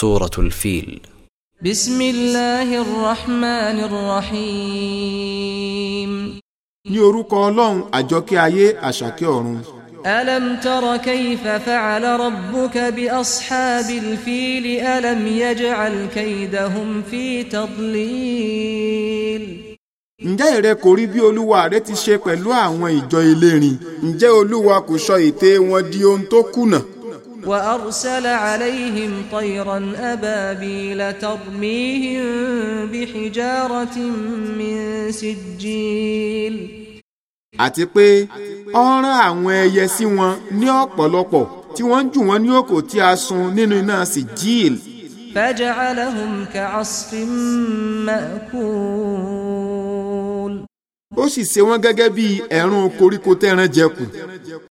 سورة الفيل بسم الله الرحمن الرحيم ní orúkọ ọlọ́run àjọkẹ́ ayé àṣàkẹ́ ọ̀run. ألم تر كيف فعل ربك بأصحاب الفيل ألم يجعل كيدهم في تضليل ǹjẹ́ ìrẹ kò rí bí olúwa rẹ ti ṣe pẹ̀lú àwọn ìjọ elérin ǹjẹ́ olúwa kò sọ ète wọn di ohun tó kùnà. وأرسل عليهم طيرا أبابيل ترميهم بحجارة من سجيل àti pé ó rán àwọn ẹyẹ sí wọn ní ọ̀pọ̀lọpọ̀ tí wọ́n ń jù wọ́n ní òkò tí a sun nínú iná sijil. فجعلهم كعصف مأكول. ó sì ṣe wọ́n gẹ́gẹ́ bí ẹ̀rùn koríko tẹ́ran jẹkù.